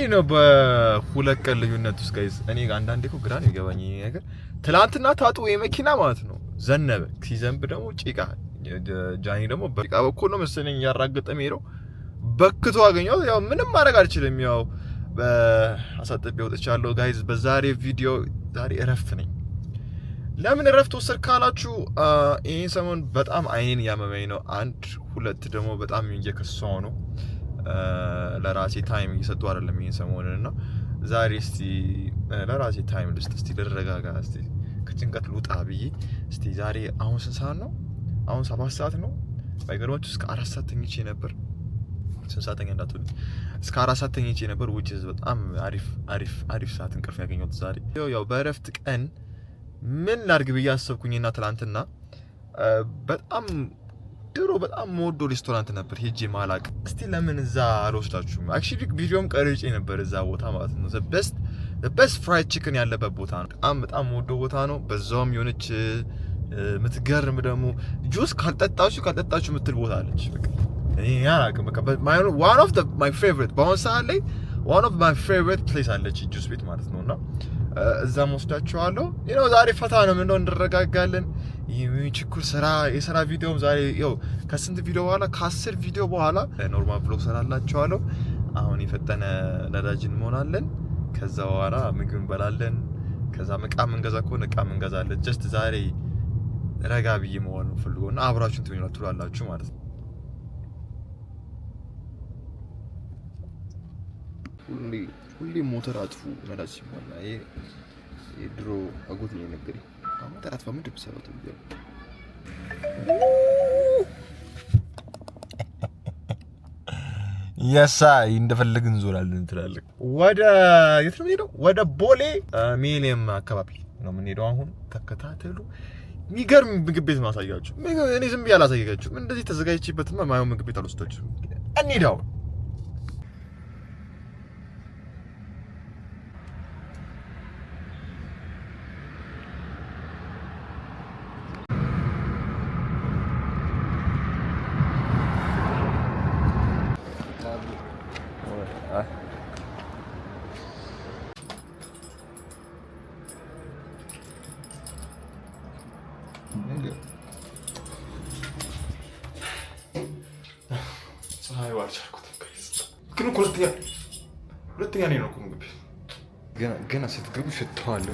እንዴት ነው በሁለት ቀን ልዩነት ውስጥ ጋይስ? እኔ አንዳንዴ እኮ ግራ ነው የሚገባኝ ይሄ ነገር። ትላንትና ታጡ የመኪና ማለት ነው ዘነበ። ሲዘንብ ደግሞ ጭቃ ጃኒ ደግሞ በጭቃ በኩል ነው መሰለኝ እያራገጠ ሄደው በክቶ አገኘው። ያው ምንም ማድረግ አልችልም። ያው አሳጥቤ ወጥቻለሁ ጋይዝ። በዛሬ ቪዲዮ ዛሬ እረፍት ነኝ። ለምን እረፍት ወሰድክ ካላችሁ ይህን ሰሞን በጣም አይኔን ያመመኝ ነው። አንድ ሁለት ደግሞ በጣም እየከሳሁ ነው ለራሴ ታይም እየሰጡ አይደለም ይህን ሰሞንን እና ዛሬ እስቲ ለራሴ ታይም ልስጥ፣ እስቲ ልረጋጋ፣ እስቲ ከጭንቀት ልውጣ ብዬ እስቲ ዛሬ አሁን ስንት ሰዓት ነው? አሁን ሰባት ሰዓት ነው። ባይገርማችሁ እስከ አራት ሰዓት ተኝቼ ነበር። ስንት ሰዓት ተኛ እስከ አራት ሰዓት ተኝቼ ነበር። ውጭ በጣም አሪፍ አሪፍ አሪፍ ሰዓት እንቅልፍ ያገኘሁት ዛሬ። ያው በእረፍት ቀን ምን ላድርግ ብዬ አሰብኩኝና ትላንትና በጣም ድሮ በጣም መወዶ ሬስቶራንት ነበር ሄጄ ማላቅ። እስቲ ለምን እዛ አልወስዳችሁም? አክቹዋሊ ቪዲዮም ቀርጬ ነበር እዛ ቦታ ማለት ነው። በስት በስት ፍራይድ ቺክን ያለበት ቦታ ነው። በጣም በጣም መወዶ ቦታ ነው። በዛውም የሆነች የምትገርም ደግሞ ጁስ ካልጠጣችሁ ካልጠጣችሁ የምትል ቦታ አለች። ዋን ኦፍ ማይ ፌቨሪት በአሁኑ ሰዓት ላይ ዋን ኦፍ ማይ ፌቨሪት ፕሌስ አለች ጁስ ቤት ማለት ነው። እና እዛም ወስዳችኋለሁ። ዛሬ ፈታ ነው፣ ምንደው እንደረጋጋለን ችኩል ስራ የስራ ቪዲዮም ዛሬ ው ከስንት ቪዲዮ በኋላ ከአስር ቪዲዮ በኋላ ኖርማል ብሎግ ሰራላችኋለሁ። አሁን የፈጠነ ነዳጅ እንሞላለን ከዛ በኋላ ምግብ እንበላለን። ከዛ እቃ ምንገዛ ከሆነ እቃ ምንገዛለን። ጀስት ዛሬ ረጋ ብዬ መሆን ፈልጎ እና አብራችሁን ማለት ነው። ሁሌ ሞተር አጥፉ ነዳጅ ሲሞላ ድሮ አጎት ነው የነገረኝ Ama teraz mamy dipsy o tym wiem. የሳ እንደፈለግን እንዞራለን ትላልቅ ወደ የት ነው የምንሄደው? ወደ ቦሌ ሚሊየም አካባቢ ነው የምንሄደው። አሁን ተከታተሉ። የሚገርም ምግብ ቤት ማሳያችሁ። እኔ ዝም ብዬ አላሳያችሁም። እንደዚህ ተዘጋጅቼበትማ ማየው ምግብ ቤት አልወስዳችሁም። እንሂድ አሁን መግባት አልቻልኩትም። ግን ሁለተኛ ሁለተኛ ነው የሆንኩት ምግብ ገና ስትገቡ ሽተዋለ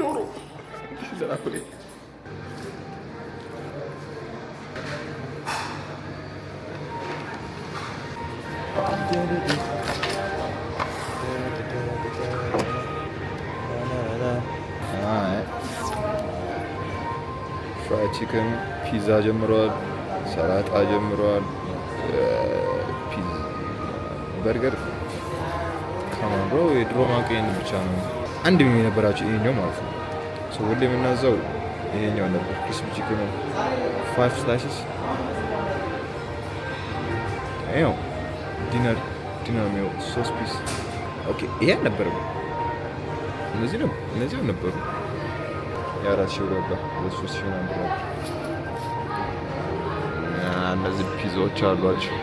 ዶሮ ፍራይ ቺክን ፒዛ ጀምረዋል። ሰላጣ ጀምረዋል። በርገር ከማንጎ የድሮ ማቀኝ ብቻ ነው አንድ ሚሚ የነበራቸው ይሄኛው ማለት ነው። ሰው ሁሌ የምናዘው ይሄኛው ነበር። ክሪስፒ ቺክን ፋይቭ ስላይስስ ይኸው ዲነር ዲነር ነው ሶስት ፒስ ኦኬ። ይሄ አልነበረም፣ እነዚህ ነበሩ። ያ አራት ሺህ ብር ነበር፣ ሶስት ሺህ ምናምን ብር ነበር። እነዚህ ፒዛዎች አሏቸው።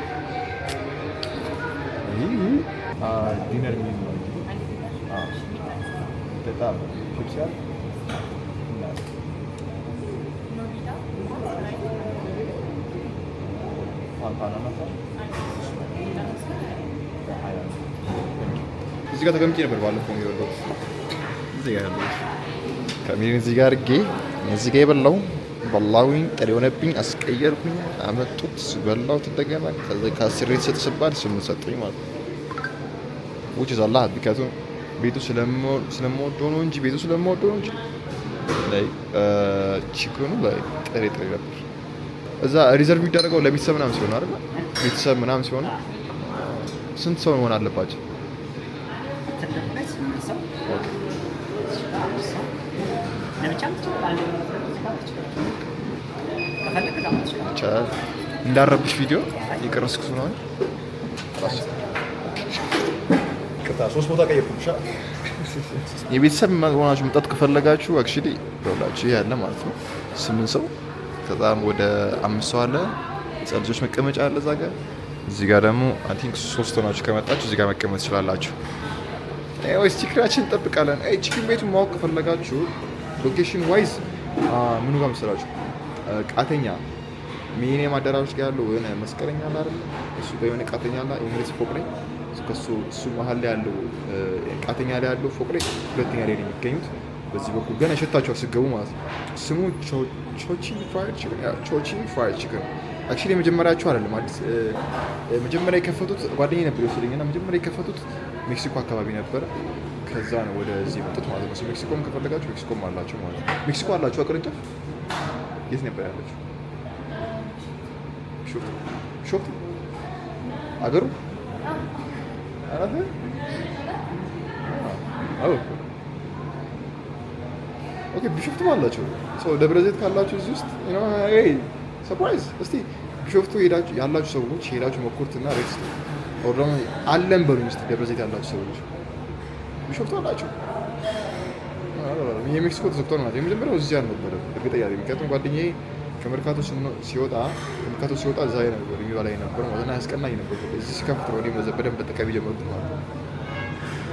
እዚህ ጋር ተቀምጬ ነበር ባለፈው የሚበላው ጋር እዚህ ጋር አድርጌ እዚህ ጋር የበላው በላዊኝ ቀሪ ሆነብኝ፣ አስቀየርኩኝ። አመጡት በላው እንደገና ከአስር የተሰጠ ሲባል ስምንት ሰጠኝ ማለት ነው። ውጭ ዛላ ቢከቱ ቤቱ ስለምወደው ነው እንጂ ቤቱ ስለምወደው ነው እንጂ ላይ ችግሩ ላይ ጥሬ ጥሬ ነበር። እዛ ሪዘርቭ የሚደረገው ለቤተሰብ ምናምን ሲሆን አይደል? ቤተሰብ ምናምን ሲሆን ስንት ሰው መሆን አለባቸው? ኦኬ ይቻላል። እንዳረብሽ ቪዲዮ የቀረስኩ ስለሆነ ሶስት ቦታ ቀየርኩብሻ። የቤተሰብ ሆናችሁ መምጣት ከፈለጋችሁ አክቹዋሊ ይኸውላችሁ ያለ ማለት ነው ስምንት ሰው በጣም ወደ አምስት ሰው አለ። ህፃን ልጆች መቀመጫ አለ እዛ ጋር። እዚህ ጋር ደግሞ አይ ቲንክ ሶስት ሆናችሁ ከመጣችሁ እዚህ ጋር መቀመጥ ትችላላችሁ። ስቲክራችን እንጠብቃለን። ችክን ቤቱን ማወቅ ከፈለጋችሁ ሎኬሽን ዋይዝ ምኑ ጋር መሰላችሁ ቃተኛ ሚሊኒየም አዳራሾች ጋር ያለው የሆነ መስቀለኛ አለ አይደል? እሱ ጋር የሆነ ቃተኛ አለ። ኢንግሊዝ ፎቅ ላይ ከሱ እሱ መሀል ላይ ያለው ቃተኛ ላይ ያለው ፎቅ ላይ ሁለተኛ ላይ ነው የሚገኙት። በዚህ በኩል ገና ሸታቸው ስገቡ ማለት ነው። ስሙ ቾቺን ፍራይድ ቺክን፣ ቾቺን ፍራይድ ቺክን አክቹሊ የመጀመሪያቸው አይደለም። አዲስ መጀመሪያ የከፈቱት ጓደኛ ነበር ይወስደኝ እና መጀመሪያ የከፈቱት ሜክሲኮ አካባቢ ነበረ። ከዛ ነው ወደዚህ መጡት ማለት ነው። ሜክሲኮም ከፈለጋችሁ ሜክሲኮም አላችሁ ማለት ነው። ሜክሲኮ አላችሁ ቅርንጫፍ የት ነበር ያለችው? ሾፕ አገሩ ኦኬ ቢሾፍቱም አላቸው። ደብረ ዘይት ካላችሁ እዚህ ውስጥ ሰርፕራይዝ። እስቲ ቢሾፍቱ ያላችሁ ሰዎች ሄዳችሁ መኮርትና ሬስት አለን በሉኝ። እስቲ ደብረ ዘይት ያላችሁ ሰዎች ቢሾፍቱ አላቸው። የሜክሲኮ ተዘግተው ናቸው። የመጀመሪያው እዚህ አልነበረም እርግጠኛ ምክንያቱም ጓደኛዬ ከመርካቶ ሲወጣ ከመርካቶ ሲወጣ እዛ ነበር ላይ ነበር ማለት ነው። አስቀናኝ ነበር። እዚህ ሲከፍት ነው በደንብ በጠቃሚ ጀመሩት ማለት ነው።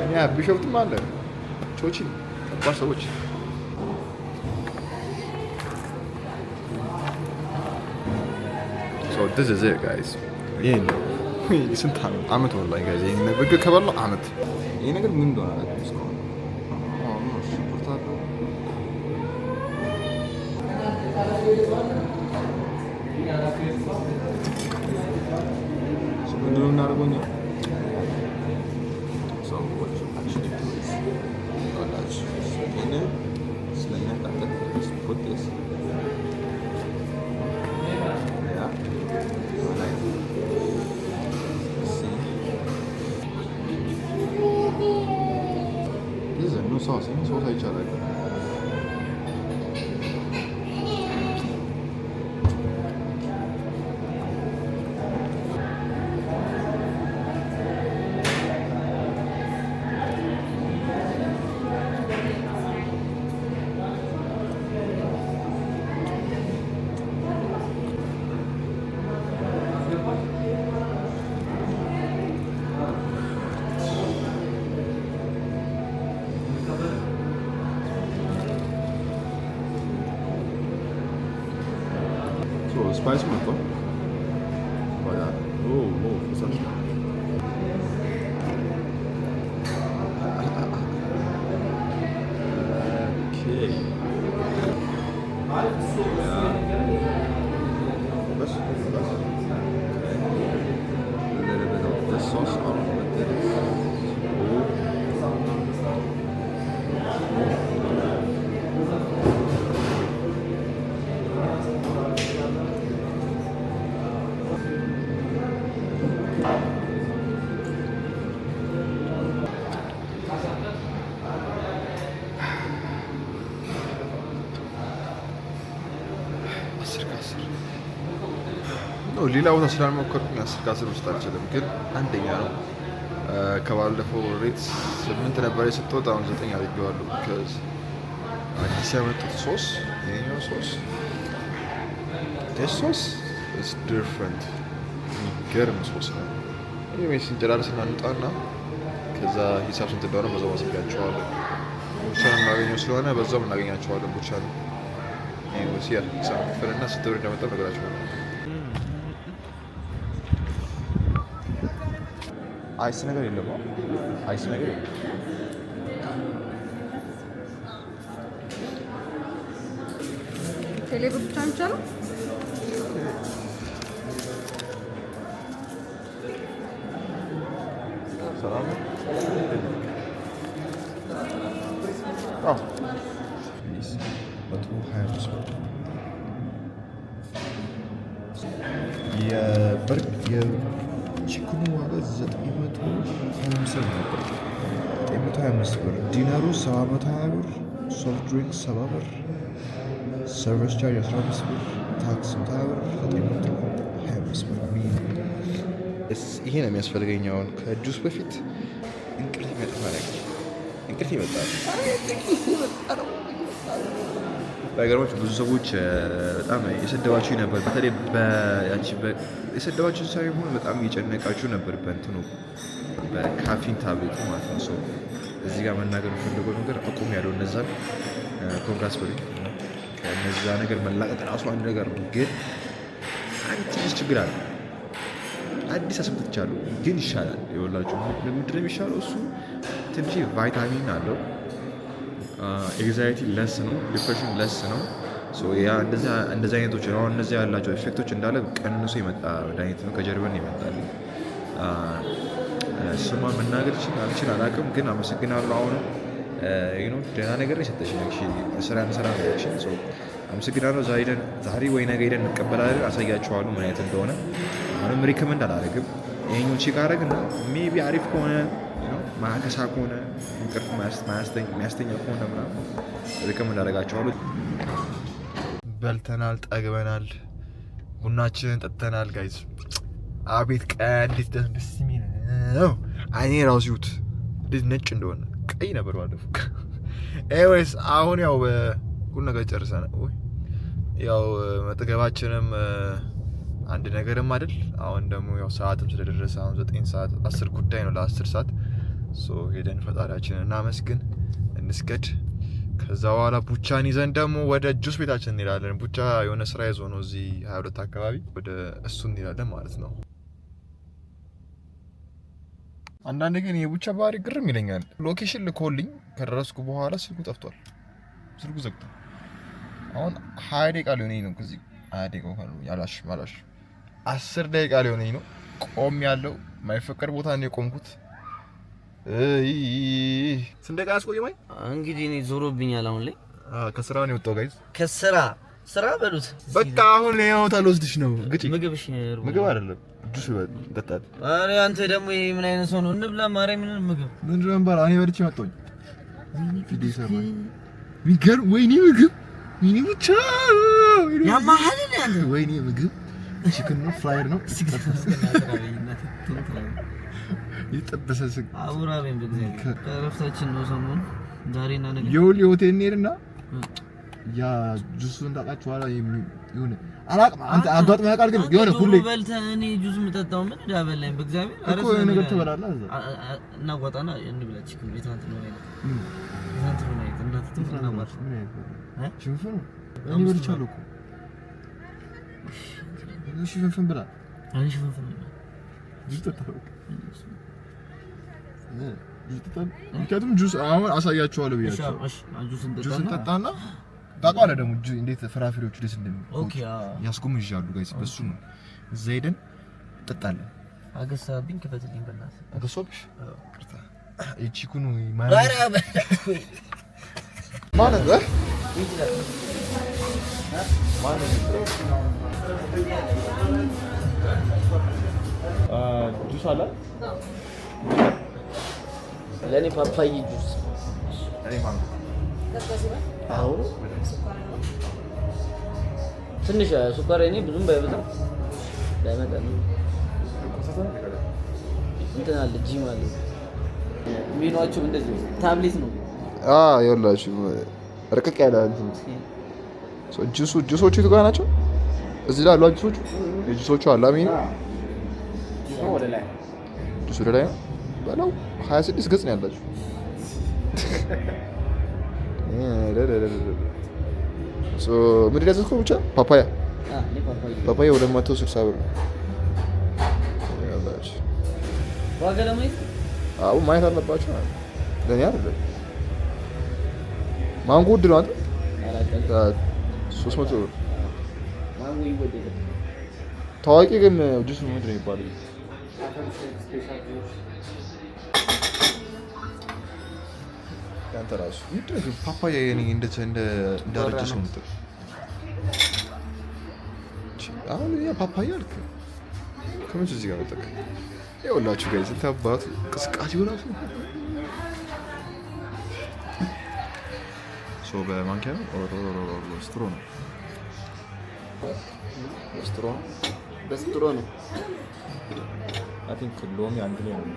እኔ ቢሾፍትም አለ ቾችን ከባድ ሰዎች So this is it guys. ይህ ነው ስንት አመት ወላ ጋዜ ነገር ከበላው አመት ይሄ ነገር ምን እንደሆነ Put this. 新総裁じゃないか ከአስር ሌላ ቦታ ስላልሞከርኩኝ አስር ከአስር ውስጥ አልችልም፣ ግን አንደኛ ነው። ከባለፈው ሬት ስምንት ነበረ የሰጠሁት አሁን ዘጠኝ አድርጌዋለሁ። አዲስ ያመጡት ሶስ ይኸኛው ሶስ ሶስ ኢዝ ዲፍረንት የሚገርም ሶስ ነው። ሜስ እንጨራርስ እናንጣና ከዛ ሂሳብ ስንት እንደሆነ በዛው ማሳያቸዋለን። ቡቻን እናገኘው ስለሆነ በዛው እናገኛቸዋለን ቡቻ ነው η ουσία του ξαναφέρει ένα συντούρινο μετά το κρασμένο. Aysine görelim o. Aysine görelim. Şöyle bir tutar mı canım? Selam. Al. Peace. 122 ብር የቺክኑ ዋጋ 950 ነበር። 925 ብር ዲነሩ 720 ብር፣ ሶፍት ድሪንክ 7 ብር፣ ሰርቪስ ቻርጅ 15 ብር፣ ታክስ 20 ብር፣ 925 ብር። ይሄ ነው የሚያስፈልገኝ አሁን ከጁስ በፊት እንቅልፍ ይመጣል። በሀገራችን ብዙ ሰዎች በጣም የሰደባችሁ ነበር። በተለይ የሰደባችሁን ሳይሆን በጣም እየጨነቃችሁ ነበር በእንትኑ በካፊን ታብሌቱ ማለት ነው። ሰው እዚህ ጋር መናገር ፈልጎ ነገር አቁም ያለው እነዛ ኮንግራስ በሉኝ። ከእነዛ ነገር መላቀጥ ራሱ አንድ ነገር ነው፣ ግን አንድ ትንሽ ችግር አለ። አዲስ አስመጥቻለሁ፣ ግን ይሻላል። የወላችሁ ምንድን የሚሻለው? እሱ ትንሽ ቫይታሚን አለው ኤግዛይቲ uh, ለስ ነው፣ ዲፕሬሽን ለስ ነው። እንደዚህ አይነቶች አሁን እነዚህ ያላቸው ኤፌክቶች እንዳለ ቀንሶ የመጣ መድኃኒት ነው። ከጀርመን ይመጣል። ስሟ uh, መናገር ችላልችል አላውቅም፣ ግን አመሰግናለሁ። አሁንም uh, ደህና ነገር የሰጠሽ ስራ ስራ ነች። አመሰግናለሁ። ዛሬ ወይ ነገ ሄደን እንቀበላለን፣ አሳያችኋሉ ምን አይነት እንደሆነ። አሁንም ሪከመንድ አላደርግም። ይህኛውን ቼክ አደረግና ሜይ ቢ አሪፍ ከሆነ ማከሳ ከሆነ እንቅልፍ የሚያስተኛ ከሆነ ምናምን ሪከመንድ አሉ። በልተናል፣ ጠግበናል፣ ቡናችንን ጠጥተናል። ጋይዝ አቤት ቀያ እንዴት ደስ ደስ የሚል ነው። አይኔ ራሱ ይሁት እንዴት ነጭ እንደሆነ ቀይ ነበር ባለፈው። ኤኒዌይስ አሁን ያው ሁሉ ነገር ጨርሰናል። ያው መጠገባችንም አንድ ነገርም አይደል። አሁን ደግሞ ያው ሰዓትም ስለደረሰ አሁን ዘጠኝ ሰዓት አስር ጉዳይ ነው ለአስር ሰዓት ሶ ሄደን ፈጣሪያችንን እናመስግን፣ እንስገድ። ከዛ በኋላ ቡቻን ይዘን ደግሞ ወደ ጁስ ቤታችን እንሄዳለን። ቡቻ የሆነ ስራ ይዞ ነው እዚህ ሀያ ሁለት አካባቢ ወደ እሱ እንሄዳለን ማለት ነው። አንዳንድ ግን የቡቻ ባህሪ ግርም ይለኛል። ሎኬሽን ልኮልኝ ከደረስኩ በኋላ ስልኩ ጠፍቷል። ስልኩ ዘግቷል። አሁን ሀያ ደቂቃ ሊሆነኝ ነው ከዚህ ሀያ ደቂቃ ያላሽ ማላሽ አስር ደቂቃ ሊሆነኝ ነው ቆም ያለው ማይፈቀድ ቦታ ነው የቆምኩት። ስንት ደቂቃ እንግዲህ እኔ ዞሮብኛል። አሁን ላይ ከስራ ነው የወጣው። ጋይዝ ከስራ ስራ በሉት በቃ። አሁን ያው ታልወስድሽ ነው ግጭ። ምግብ እሺ፣ ምግብ አይደለም ቅዱስ ይበል ጠጣል። አንተ ደግሞ ይሄ ምን አይነት ሰው ነው? እንብላ ማርያም። ምን ምግብ ምንድን ነበር? እኔ በልቼ መጣሁኝ። የሚገርም ወይኔ ምግብ ወይኔ ብቻ ያማሃል። ወይኔ ምግብ ቺክን ፍራየር ነው የጠበሰ ስጋ አቡራቤን በእግዚአብሔር ከእረፍታችን ነው ሰሞኑን ዛሬና ነገ የሁሌ ሆቴል እንሄድና ያ ጁሱን ታውቃችሁ ኋላ የሆነ አላውቅም። አንተ አጋጥሞ ያውቃል ግን የሆነ ሁሌ በልተህ እኔ ጁስ የምጠጣው ምን ዳበላኝ በእግዚአብሔር እኮ የሆነ ነገር ትበላለህ እዛ እናዋጣና እንብላ። ቺክን የትናንት ነው ነው አይነት እንዳትተው ብላ እኔ ብላ ምክንያቱም ጁስ አሁን አሳያችኋለሁ ብያቸው ጁስ እንጠጣና ታውቃለህ ደግሞ እንዴት ፍራፍሬዎቹ ደስ እንደሚል ያስጎመዣሉ ጋይስ። በሱ ነው እዛ ሄደን እንጠጣለን። አገሳብኝ ክፈትልኝ፣ በእናትህ አገሳብሽ። ቅርታ የቺኩኑ ማለት ጁስ አላት ለእኔ ፓፓይ ጁስ አሁን ትንሽ ስኳር እኔ ብዙም ባይበዛም ባይመጠን እንትን አለ ጂ ማለት ሜኗቸው እንደዚህ ታብሌት ነው። ይኸውላችሁ ርቅቅ ያለ ጁሱ ጁሶቹ የቱ ጋር ናቸው? እዚህ ላይ አሉ ጁሶቹ የጁሶቹ አላሚ ጁስ ወደ ላይ ነው በለው 26 ገጽ ነው ያላችሁ። ምንድን ያዘዝከው? ብቻ ፓፓያ ፓፓያ ወደ መቶ ስልሳ ብር ነው። ማየት አለባቸው። ለእኔ ማንጎ ውድ ነው አይደል? ሶስት ብር ታዋቂ ግን ጁስ ምንድን ነው የሚባለው? ያንተ ራሱ ፓፓያ የኔ እንዳረጀ ሰው ምጥር አሁን ያ ፓፓያ አልክ ከመቼ እዚህ ጋር መጠቅ ይኸውላችሁ ጋይ ስንት አባቱ እንቅስቃሴ ሆናቱ በማንኪያ ነው ስትሮ ነው ስትሮ ነው በስትሮ ነው ቲንክ ሎሚ አንድ ላይ ነው።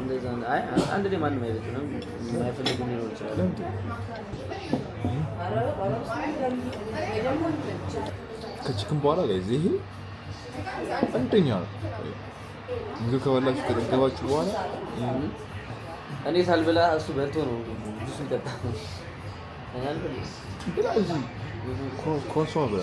እንደዛ አይ አንድ ላይ ማንም አይበጥንም። ይችላል። በኋላ ላይ ይሄ አንደኛ ነው። ምግብ ከበላችሁ ከጠገባችሁ በኋላ እኔ ሳልበላ እሱ በልቶ ነው ብዙ ኮንሶ ብላ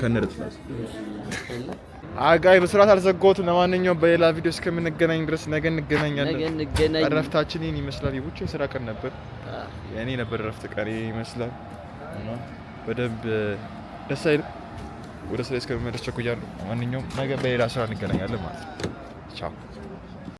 ከነረት ፍላስ አጋይ በስርዓት አልዘጋሁትም። ለማንኛውም በሌላ ቪዲዮ እስከምንገናኝ ድረስ ነገ እንገናኛለን። እረፍታችን ይህን ይመስላል። የቡቻ ስራ ቀን ነበር፣ የእኔ ነበር እረፍት ቀን ይመስላል። በደንብ ደስ አይልም። ወደ ስራ እስከምመለስ ቸኩያለሁ። ማንኛውም ነገ በሌላ ስራ እንገናኛለን ማለት ነው። ቻው